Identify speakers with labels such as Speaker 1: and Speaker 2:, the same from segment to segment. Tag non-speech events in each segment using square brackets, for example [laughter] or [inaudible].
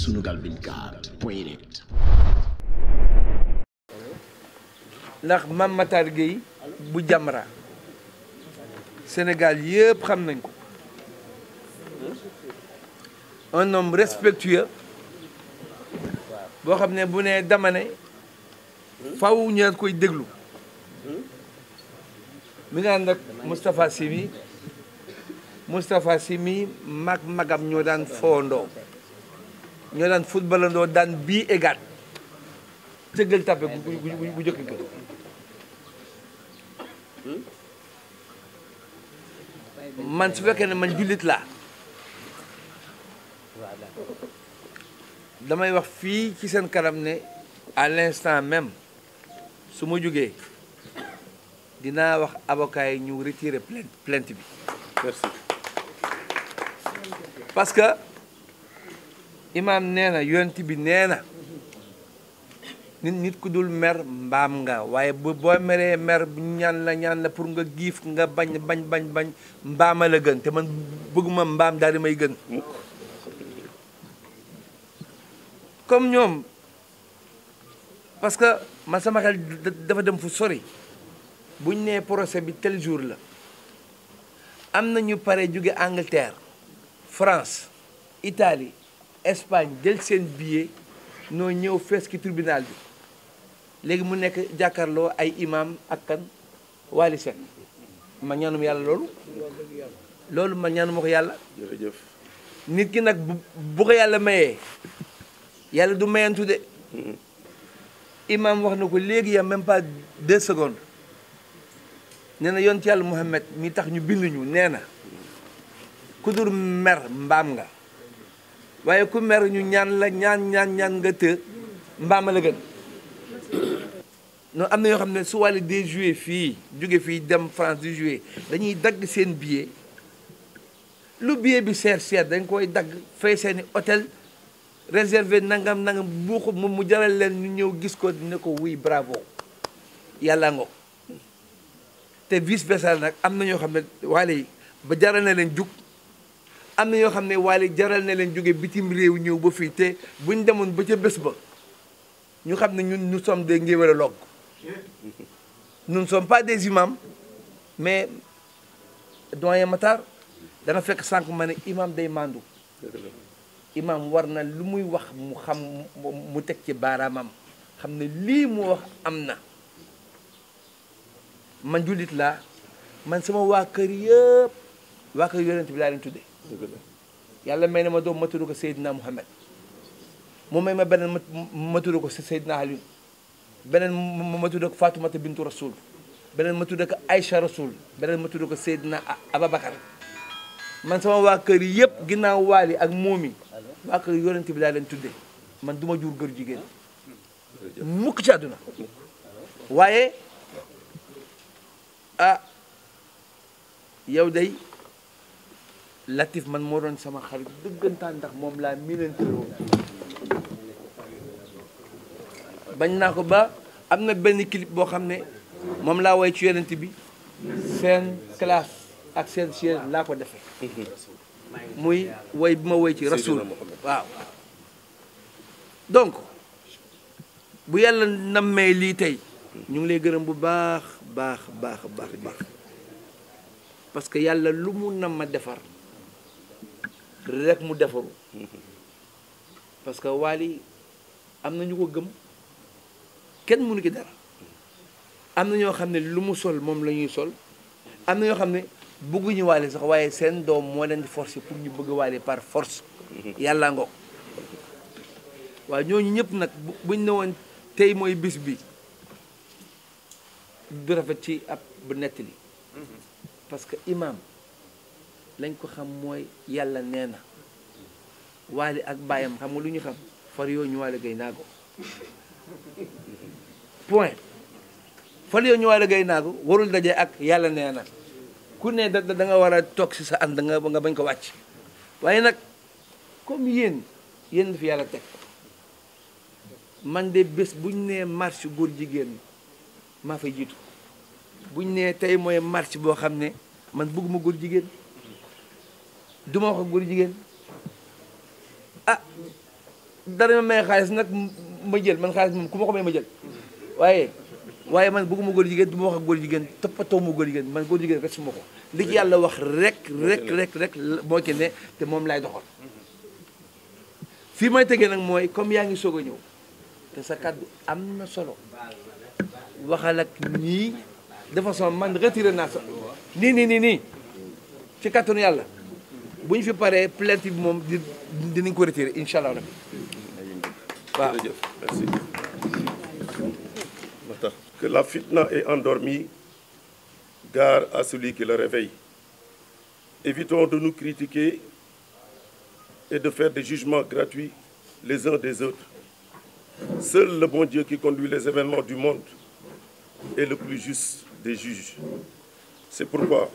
Speaker 1: Sunugal 24
Speaker 2: ndax Mame Matar Gueye bu Jamra Sénégal yëpp xam nañ ko un homme respectueux boo xam ne bu ne dama faw ñu koy déglu mi nga ak Moustapha Sy mi Moustapha Sy mi mag magam ñoo daan foondoo ñoo daan footballandoo daan bii égaat tëggal tappe bu jëkk ko man su fekkee ne man jullit la damay wax fii ci seen kanam ne à l'instant même su ma jógee dinaa wax abokaay yi ñu retirer plainte plainte bi parce que imaam nee na yonent bi nee na nit nit ku dul mer mbaam nga waaye boo meree mer bu ñaan la ñaan la pour nga giif nga bañ bañ bañ bañ mbaama la gën te man bëgguma mbaam daal di may gën comme ñoom parce que ma sama xel dafa dem fu sori buñ nee procès bi tele jour la am na ñu pare jóge Angleterre France Italie Espagne jël seen billet noo ñëw fees ki tribunal bi léegi mu nekk jàkkaarloo ay imaam ak kan Wally Seck ma ñaanuma yàlla loolu loolu ma ñaanuma ko yàlla nit ki nag bu ko yàlla mayee yàlla du mayantu de mm-hmm. imaam wax na ko léegi ya même pas deux secondes nee na yonent yàlla Muhammad mi tax ñu bind ñu nee na ku dul mer mbaam nga waaye ku mer ñu ñaan la ñaan ñaan ñaan nga të mbaama la gën noonu am na yoo xam ne su wàlli des joué fii jóge fii dem France di joué dañuy dagg seen billet lu billet bi seer seer dañ koy dagg fay seeni hôtel réservé nangam nangam buuxu moom mu jaral leen ñu ñëw gis ko ne ko wuy bravo yàlla ngo te vice versa nag am na ñoo xam ne waale yi ba jaral na leen jug am na ñoo xam ne Wally jaral na leen jóge bitim réew ñëw ba fii te buñ demoon ba ca bés ba ñu xam ne ñu ñun nous sommes war a nous ne sommes pas des imams mais doyen Matar dana fekk sànq ma ne imam day mandu imam war na lu muy wax mu xam mu teg ci baaraamam xam ne lii mu wax am na man jullit laa man sama waa kër yëpp waa kër yonent bi laa leen tuddee yàlla may na ma doom ma tudd ko Seydina Mouhamed mu may ma beneen ma tudd ko Seydina Alioune beneen ma tudd ko Fatoumata Bintu Rasoul beneen ma tudd ko Aïcha Rasoul beneen ma tudd ko Seydina Ababacar man sama waa kër yëpp ginnaaw waali ak moomi waa kër yonent bi laa leen man du ma jur gër jigéen mukk ci àdduna waaye ah yow day Latif man moo doon sama xarit dëggantaan ndax moom laa miinanteeloo bañ naa ko ba am na benn clip boo xam ne moom laa woy ci yonent bi seen classe ak seen siège laa ko defee muy woy bi ma woy ci rasul waaw donc bu yàlla nammee lii tey ñu ngi lay gërëm bu baax baax baax baax baax parce que yàlla lu mu nam ma defar rek mu defaru parce que Wally am na ñu ko gëm kenn mënu ki dara am na ñoo xam ne lu mu sol moom la ñuy sol am na ñoo xam ne bëgguñu Wally sax waaye seen doom moo leen force forcer pour ñu bëgg Wally par force [laughs] yàlla ngoog waaw ñooñu ñëpp nag buñ ne woon tey mooy bis bi du rafet ci ab bu nettali
Speaker 1: mm-hmm.
Speaker 2: parce que imam lañ ko xam mooy yàlla nee na waali ak bàyyam xam nga lu ñu xam far yoo ñu waale gay naago point far yoo ñu waale gay naago warul daje ak yàlla nee na ku ne da da nga war a toog si sa ànd nga nga bañ ko wàcc waaye nag comme yéen yéen fi yàlla teg man de bés bu ñu nee marche góor jigéen maa fay jiitu bu ñu nee tey mooy marche boo xam ne man bëgguma góor jigéen du ma wax ak góor jigéen ah dara ma may xaalis nag ma jël man xaalis moom ku ma ko may ma jël waaye waaye man bëgguma góor jigéen du ma wax ak góor jigéen toppatoo ma góor jigéen man góor jigéen rek su ma li ci yàlla wax rek rek rek rek moo ci te moom laay doxal fii may tegee nag mooy comme yaa ngi soog a ñëw te sa kàddu am na solo waxal ak nii de façon man retiré naa sa nii nii nii nii kàttanu yàlla bu ñu fi paree plainte bi moom di dinañ ko
Speaker 1: que la fitna est endormie gare à celui qui la réveille évitons de nous critiquer et de faire des jugements gratuits les uns des autres seul le bon Dieu qui conduit les événements du monde est le plus juste des juges c'est pourquoi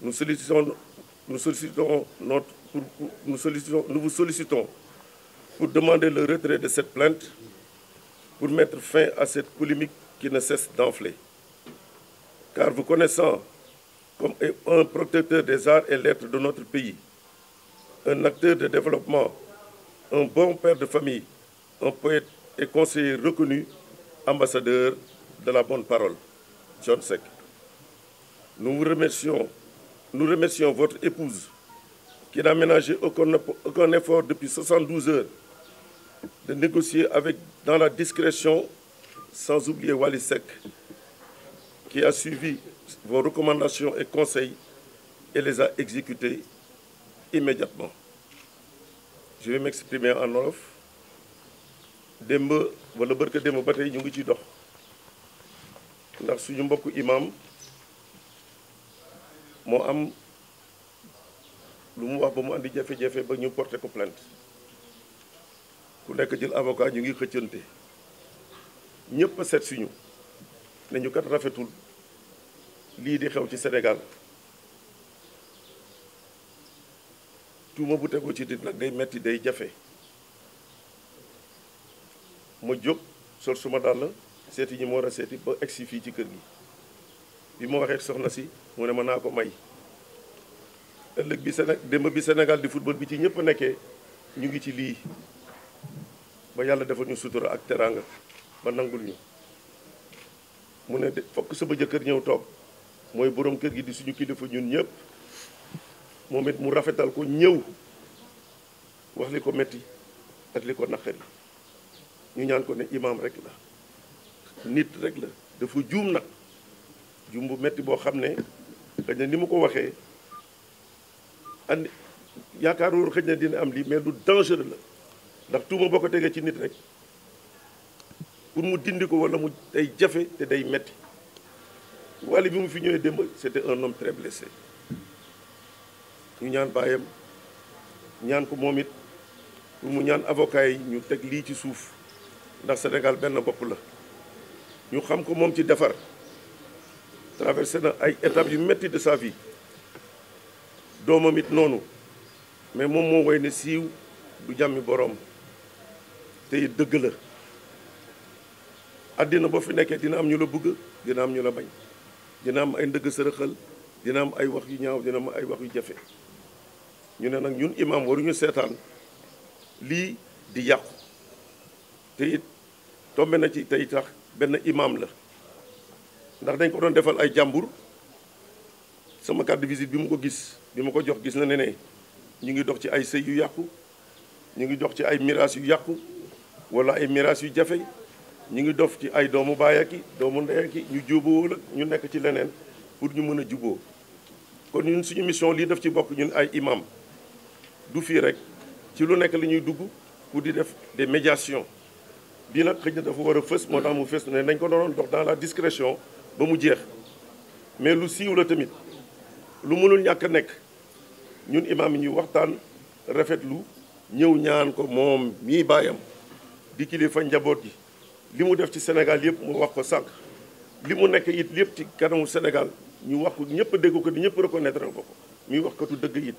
Speaker 1: nous sollicitons nous sollicitons notre pour, pour, nous sollicitons nous vous sollicitons pour demander le retrait de cette plainte pour mettre fin à cette polémique qui ne cesse d'enfler car vous connaissant comme un protecteur des arts et lettres de notre pays un acteur de développement un bon père de famille un poète et conseiller reconnu ambassadeur de la bonne parole John Seck nous vous remercions nous remercions votre épouse qui n'a ménagé aucun, aucun effort depuis 72 heures de négocier avec, dans la discrétion, sans oublier Wally Seck, qui a suivi vos recommandations et conseils et les a exécutées immédiatement. Je vais m'exprimer en wolof démb wala bërka démb ba tey ñu ngi ci dox ndax suñu mbokku imam moo am lu mu wax ba mu andi jafe-jafe ba ñu porte ko plainte ku nekk jël avocat ñu ngi xëccante ñépp a seet si ñu ñu kat rafetul lii di xew ci Sénégal tuuma bu tegoo ci nit nag day metti day jafe ma jóg sol suma dàll seeti ñi mu war a seeti ba egsi fii ci kër gi. bi ma waxee soxna si mu ne ma naa ko may ëllëg bi Séné démb bi Sénégal di football bi ci ñëpp nekkee ñu ngi ci lii ba yàlla defal ñu sutura ak teraanga ba nangul ñu mu ne de fokk sama jëkkër ñëw toog mooy boroom kër gi di suñu kilifa ñun ñëpp moom it mu rafetal ko ñëw wax li ko metti ak li ko naqari ñu ñaan ko ne imaam rek la nit rek la dafa juum nag jumbu metti boo xam ne xëy na ni mu ko waxee andi yaakaaroon xëy na dina am lii mais du dangereux la ndax tuuma boo ko degee ci nit rek pour mu dindi ko wala mu day jafe te day metti wala bi mu fi ñëwee démb c'était un homme très blessé ñu ñaan baayam ñaan ko moom it pour mu ñaan avocat yi ñu teg lii ci suuf ndax Sénégal benn bopp la ñu xam ko moom ci defar traversé na ay étapes yu métti de sa vie doomam it noonu mais moom moo woy ne siiw du jàmmi boroom te dëgg la àddina boo fi nekkee dina am ñu la bugg dina am ñu la bañ dina am ay ndëgg sërëxal dina am ay wax yu ñaaw dina am ay wax yu jafe ñu ne nag ñun imaam waruñu seetaan lii di yàqu te it tombe na ci tey tax benn imam la ndax dañ ko doon defal ay jàmbur sama carte de bi mu ko gis bi ma ko jox gis na ne ne ñu ngi dox ci ay sëy yu yàqu ñu ngi dox ci ay miraas yu yàqu wala ay miraas yu jafe ñu ngi dof ci ay doomu baayaki doomu ndeyaki ñu juboo la ñu nekk ci leneen pour ñu mën a juboo kon ñun suñu mission lii def ci bokk ñun ay imam du fii rek ci lu nekk li ñuy dugg pour di def des médiations bii nag xëj dafa war a fës moo tax mu fës ne nañ ko doon dox dans la discrétion ba mu jeex mais lu siiw la tamit lu mënul ñàkk nekk ñun imaam yi ñuy waxtaan rafetlu ñëw ñaan ko moom mii baayam di kilifa njaboot gi li mu def ci Sénégal yëpp mu wax ko sànq li mu nekk it lépp ci kanamu senegal ñu wax ko ñëpp dégg ko di ñëpp reconnaître ko ko muy wax katu dëgg it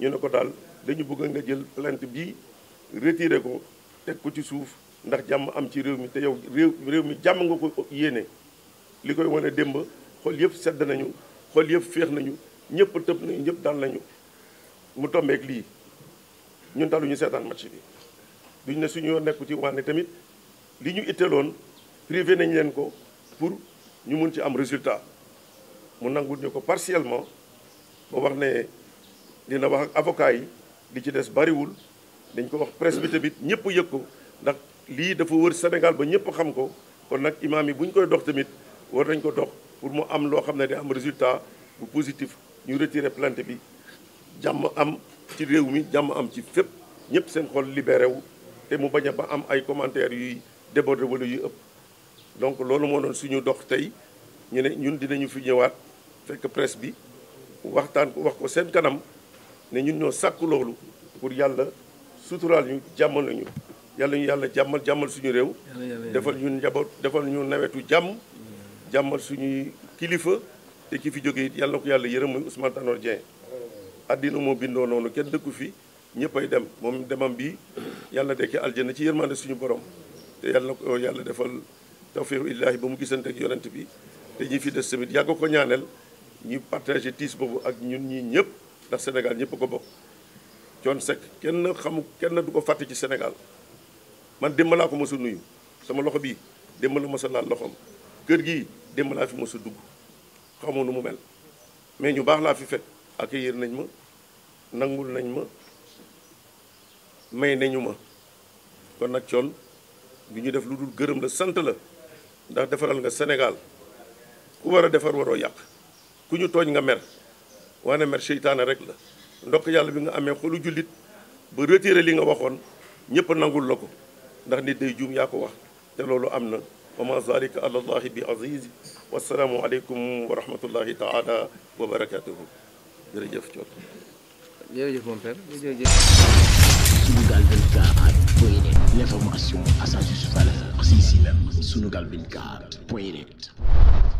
Speaker 1: ñu ne ko daal dañu bëgg nga jël plainte bi retiré ko teg ko ci suuf ndax jàmm am ci réew mi te yow réew réew mi jàmm nga ko yéene li koy wane démb xol yëpp sedd nañu xol yëpp féex nañu ñëpp tëb nañu ñëpp daan nañu mu tombeek lii ñun daal ñu seetaan match bi. duñ ne suñu yoon nekku ci wànne tamit li ñu itteeloon privé nañ leen ko pour ñu mun ci am résultat mu nangul ñu ko partiellement ba wax ne dina wax ak avocat yi li ci des bariwul dañ ko wax presse bi tamit ñëpp yëg ko ndax lii dafa wër Sénégal ba ñëpp xam ko kon nag imaam yi bu ñu koy dox tamit. war nañ ko dox pour mu am loo xam ne di am résultat bu positif ñu retirer plante bi jàmm am ci réew mi jàmm am ci fépp ñëpp seen xol libéré wu te mu bañ a ba am ay commentaires yuy déborder wala yu ëpp donc loolu moo doon suñu dox tey ñu ne ñun dinañu fi ñëwaat fekk presse bi waxtaan wax ko seen kanam ne ñun ñoo sàkk loolu pour yàlla suturaal ñu jàmmal nañu yàlla ñu yàlla jàmmal jàmmal suñu réew defal ñu njaboot defal ñu nawetu jàmm jàmmal suñuy kilifa te ki fi jóge it yàlla na ko yàlla yërëm muy Ousmane àddina moo bindoo noonu kenn dëkku fi ñëpp ay dem moom demam bi yàlla dekki aljana ci yërmande suñu borom te yàlla na ko yàlla defal tawfiiqu illaahi ba mu gisante ak yonent bi te ñi fi des tamit yàgg ko ñaaneel ñu partagé tiis boobu ak ñun ñii ñëpp ndax Sénégal ñëpp ko bokk Thione Seck kenn xamu kenn du ko fàtte ci Sénégal man démb laa ko mosa nuyu sama loxo bii démb la mosa laal loxoom kër gi démb laa fi mos a dugg xamoon nu mu mel mais ñu baax laa fi ak accueillir nañ ma nangul nañ ma may nañu ma kon nag coon du ñu def lu dul gërëm la sant la ndax defaral nga Sénégal ku war a defar waroo yàq ku ñu tooñ nga mer waane mer seytaane rek la ndox yàlla bi nga amee xolu jullit ba retiré li nga waxoon ñëpp nangul la ko ndax nit day juum yaa ko wax te loolu am na wa ma zalika ala allahi bi aziz wasalaamu aleykum wa rahmatullahi taala wa barakatuhu jërëjëf Thione jërëjëf mon père jërëjëf Sunugal 24 point net l'information à sa juste valeur c'est ici même Sunugal 24 point net